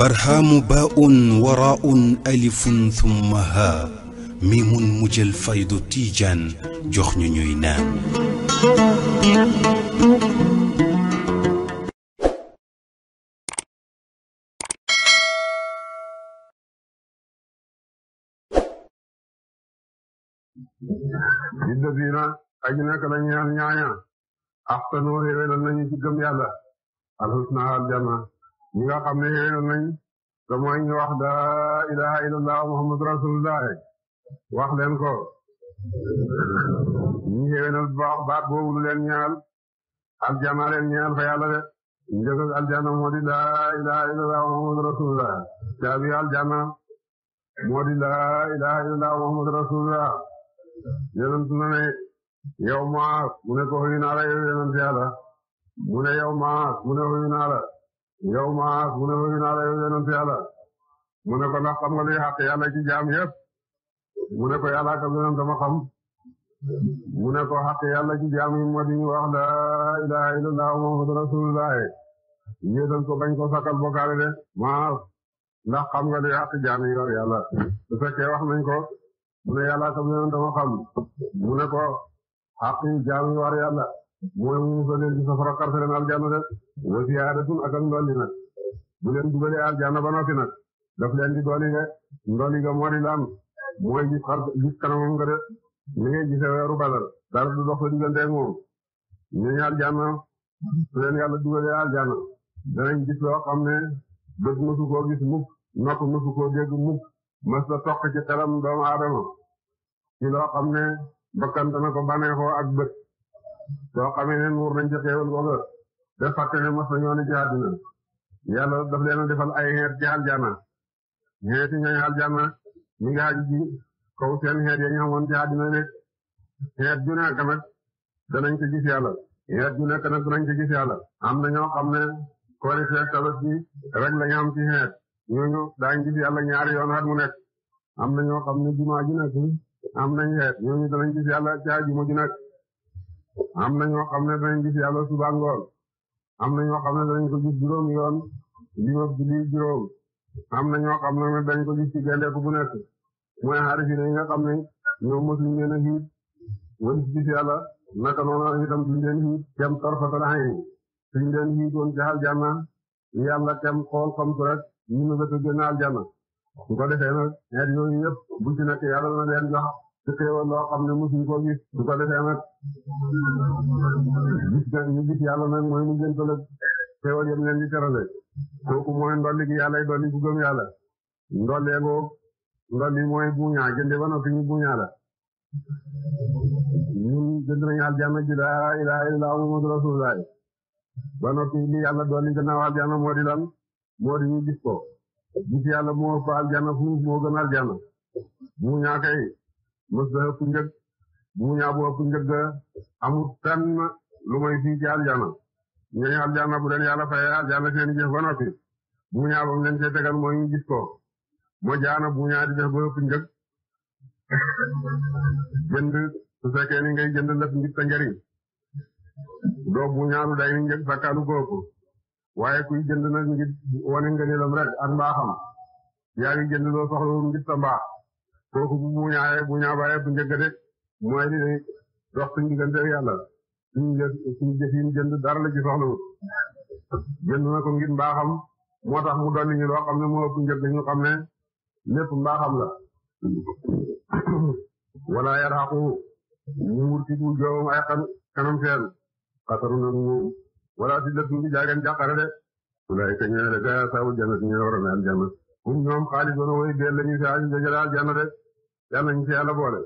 برهام باء وراء ألف ثم ها ميم مجل فيض تيجان جخن نينان للذين أجناك لن يعنيا أحسنوا إلى لن يجدهم يالا الحسنى الجنة ñi nga xam ne xéeru nañ te mooy ñu wax laa ilaha illallah muhammadu rasulullah wax leen ko ñi xéwénal baax baat boobu lu leen ñaal aljana leen ñaal fa yàlla de njëgal aljana moo di laa ilaha illallah muhammadu rasulullah caabi aljana rasulullah yonent na ne yow maas mu ne ko xuyu naa la yow yonent mu ne yow maas mu ne xuyu naa yow maas mu ne ma dinaa la yàlla mu ne ko ndax xam nga luy xàq yàlla ci jaam yëpp mu ne ko yàlla ak yonent dama xam mu ne ko xàq yàlla ci jaam yi moo di wax la ilaha illallah muhammadu rasulullah yéetal ko bañ ko sakkal bokkaale de maas ndax xam nga luy xàq jaam yi yor yàlla su fekkee wax nañ ko mu ne yàlla ak yonent dama xam mu ne ko xàq jaam yi war yàlla mooy mu musal ci safara xar seen aljanna rek wa ziyaadatun ak ak ndolli nag bu leen dugalee aljanna ba noppi nag daf leen di dolli de ndolli ga moo di lan mooy gis xar gis kanamam nga de ni ngay gisee weeru badar dara du dox sa diggante ak moom ñooñu aljanna su leen yàlla dugalee aljanna danañ gis loo xam ne bët mësu koo gis mukk nopp mësu koo dégg mukk mës la toq ci xelam doomu aadama ci loo xam ne bakkan dana ko baneexoo ak bët yoo xamee ne nuur nañ ca xéewal googa da fàtte ne mas nañoo ne ci àdduna yàlla daf leen a defal ay xeet ci aljana xeeti ñooñu aljana mi ngi aju ci kaw seen xeet ya ñu xamoon ci àdduna de xeet ju nekk nag danañ ko gis yàlla xeet ju nekk nag danañ ko gis yàlla am na ñoo xam ne koori feet tabaski rek la ñu am ci xeet ñooñu daañ gis yàlla ñaari yoon at mu nekk am na ñoo xam ne jumaa ju nekk am nañ xeet ñooñu danañ gis yàlla ci ajuma ju nekk am na ñoo xam ne danañ gis yàlla suba ngoon am na ñoo xam ne danañ ko gis juróom yoon li ma juróom am na ñoo xam ne dañ ko gis ci gendeeku bu nekk mooy xaarifi na yi nga xam ne ñoom mosuñ leen a xiit wala gis yàlla naka noonu itam duñ leen xiit kem torfatal ayni suñ leen xiit woon ci aljanna yàlla kem xool xam su rek ñu ne la ko ko defee nag xeet yooyu yëpp bu na leen jox su teewal loo xam ne mosuñ ko gis gis nga ñu gis yàlla nag mooy mu gën ko la teewal yam leen di terale kooku ndolli gi yàlla dolli gu gëm yàlla ndollee ndolli mooy buñaa jënde ba noppi ñu buñaa la ñun jënd nañu aljanna ji laa ilaaha illallaa muhammadu rasulullah ba noppi li yàlla dolli gannaaw aljanna moo di lan gis ko gis yàlla moo fa aljanna fu moo gën aljanna buñaa kay mës da ëpp njëg buuñaa bu ëpp njëg amul fenn lu may fii ci aljana ñooñu aljana bu leen yàlla fayee aljana seen jëf ba noppi buuñaa ba mu leen cee tegal mooy ñu ko moo jaana buuñaa di def ba njëg jënd su fekkee ngay jënd lépp ngir sa njëriñ doo buuñaa lu day ni njëg sakkalu ko ëpp waaye kuy jënd nag ngir wane ngëneelam rek ak mbaaxam yaa ngi jënd loo soxla ngir sa mbaax kooku bu mu ñaawee bu ñaawaayee bu de mooy li lay dox suñu diggante yàlla suñu jë jënd dara la ci soxla jënd na ko ngir mbaaxam moo tax mu dolli ñu xam ne moo ëpp njëkk ñu xam ne lépp mbaaxam la wala yarxaqu muur ci bu joowam ay kanam seen xataru na mu si lëpp ngi jaagan jàqare de walaay ka ñëwee de gaa saawu janat ñëwee war a naan janat pour ñoom xaalis ba nu woy delloo ñu si àll jëjëlaat yàlla rek yàlla ñu si yàlla boole.